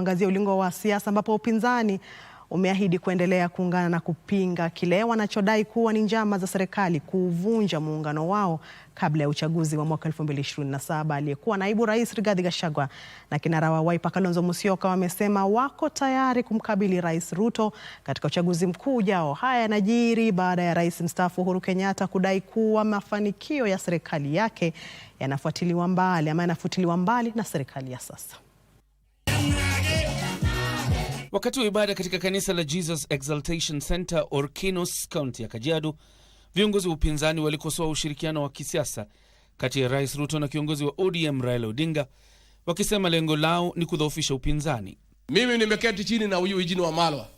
Angazia ulingo wa siasa ambapo upinzani umeahidi kuendelea kuungana na kupinga kile wanachodai kuwa ni njama za serikali kuvunja muungano wao kabla ya uchaguzi wa mwaka 2027. Aliyekuwa naibu rais Rigathi Gachagua na kinara wa Wiper Kalonzo Musyoka wamesema wako tayari kumkabili Rais Ruto katika uchaguzi mkuu ujao. Haya yanajiri baada ya rais mstaafu Uhuru Kenyatta kudai kuwa mafanikio ya serikali yake yanafuatiliwa mbali ama yanafutiliwa mbali na serikali ya sasa. Wakati wa ibada katika kanisa la Jesus Exaltation Center Orkinos, kaunti ya Kajiado, viongozi wa upinzani walikosoa ushirikiano wa kisiasa kati ya Rais Ruto na kiongozi wa ODM Raila Odinga, wakisema lengo lao ni kudhoofisha upinzani. Mimi nimeketi chini na huyu Eugene Wamalwa,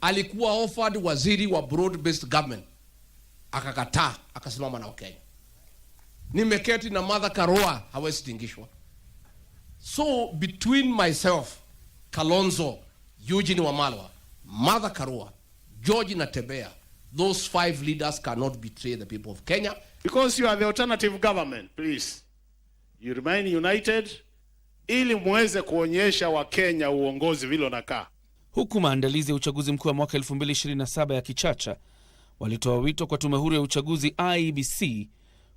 alikuwa offered waziri wa broad based government akakataa, akasimama na Wakenya. Nimeketi na Martha Karua, hawezi tingishwa. So between myself Kalonzo Eugene Wamalwa, Martha Karua, George Natebea. those five leaders cannot betray the people of Kenya. Because you are the alternative government, please. You remain united ili muweze kuonyesha Wakenya uongozi vile unakaa. Huku maandalizi ya uchaguzi mkuu wa mwaka 2027 ya kichacha, walitoa wito kwa tume huru ya uchaguzi IEBC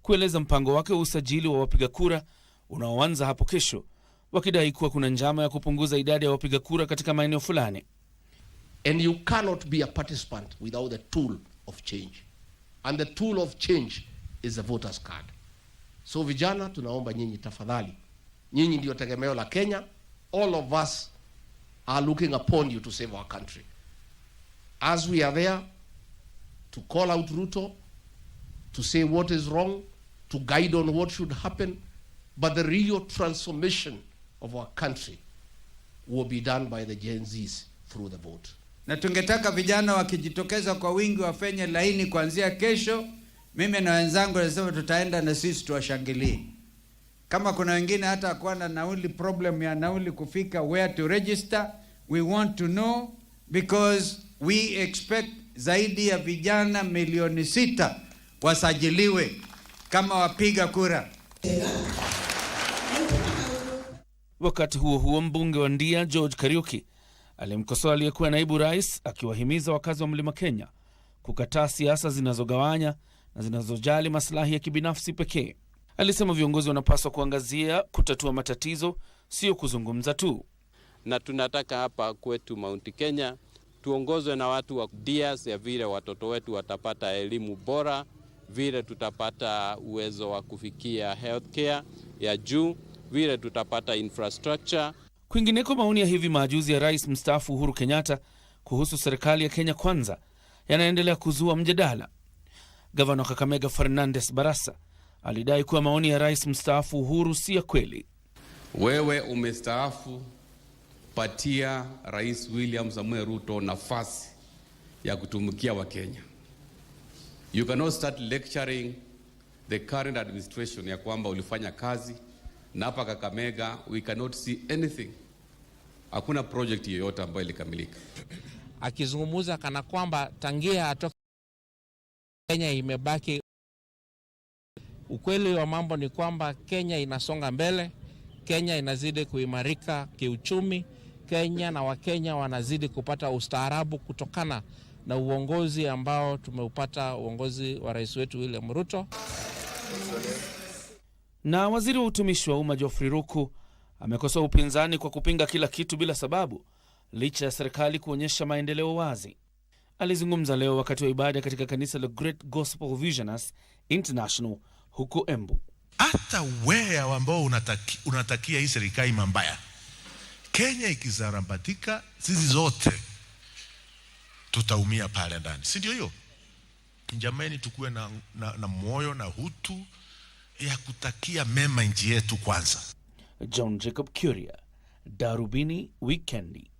kueleza mpango wake wa usajili wa wapiga kura unaoanza hapo kesho wakidai kuwa kuna njama ya kupunguza idadi ya wapiga kura katika maeneo fulani. And you cannot be a participant without the tool of change. And the tool of change is the voters card. So vijana, tunaomba nyinyi tafadhali, nyinyi ndio tegemeo la Kenya. All of us are looking upon you to save our country. As we are there to call out Ruto, to say what is wrong, to guide on what should happen, but the real transformation of our country will be done by the Gen Zs through the vote. Na tungetaka vijana wakijitokeza kwa wingi wafenye laini kuanzia kesho. Mimi na wenzangu nasema tutaenda na sisi tuwashangilie. Kama kuna wengine hata hakuwa na nauli, problem ya nauli kufika where to register, we want to know because we expect zaidi ya vijana milioni sita wasajiliwe kama wapiga kura. Wakati huo huo, mbunge wa Ndia George Kariuki alimkosoa aliyekuwa naibu rais, akiwahimiza wakazi wa mlima Kenya kukataa siasa zinazogawanya na zinazojali masilahi ya kibinafsi pekee. Alisema viongozi wanapaswa kuangazia kutatua matatizo, sio kuzungumza tu. Na tunataka hapa kwetu Mount Kenya tuongozwe na watu wa Dias, ya vile watoto wetu watapata elimu bora, vile tutapata uwezo wa kufikia healthcare ya juu vile tutapata infrastructure. Kwingineko, maoni ya hivi majuzi ya rais mstaafu Uhuru Kenyatta kuhusu serikali ya Kenya Kwanza yanaendelea kuzua mjadala. Gavana wa Kakamega Fernandes Barasa alidai kuwa maoni ya rais mstaafu Uhuru si ya kweli. Wewe umestaafu, patia Rais William samue Ruto nafasi ya kutumikia Wakenya. You cannot start lecturing the current administration ya kwamba ulifanya kazi na hapa Kakamega we cannot see anything, hakuna project yoyote ambayo ilikamilika. Akizungumza kana kwamba tangia atoka Kenya imebaki. Ukweli wa mambo ni kwamba Kenya inasonga mbele, Kenya inazidi kuimarika kiuchumi, Kenya na Wakenya wanazidi kupata ustaarabu kutokana na uongozi ambao tumeupata, uongozi wa rais wetu William Ruto. Na waziri wa utumishi wa umma Geoffrey Ruku amekosoa upinzani kwa kupinga kila kitu bila sababu licha ya serikali kuonyesha maendeleo wazi. Alizungumza leo wakati wa ibada katika kanisa la Great Gospel Visioners International huko Embu. Hata wewe ambao unataki, unatakia hii serikali mambaya, Kenya ikizarambatika, sisi zote tutaumia pale ndani, si ndio? Hiyo jamani, tukuwe na, na, na moyo na hutu ya kutakia mema nchi yetu kwanza. John Jacob Kuria, Darubini Wikendi.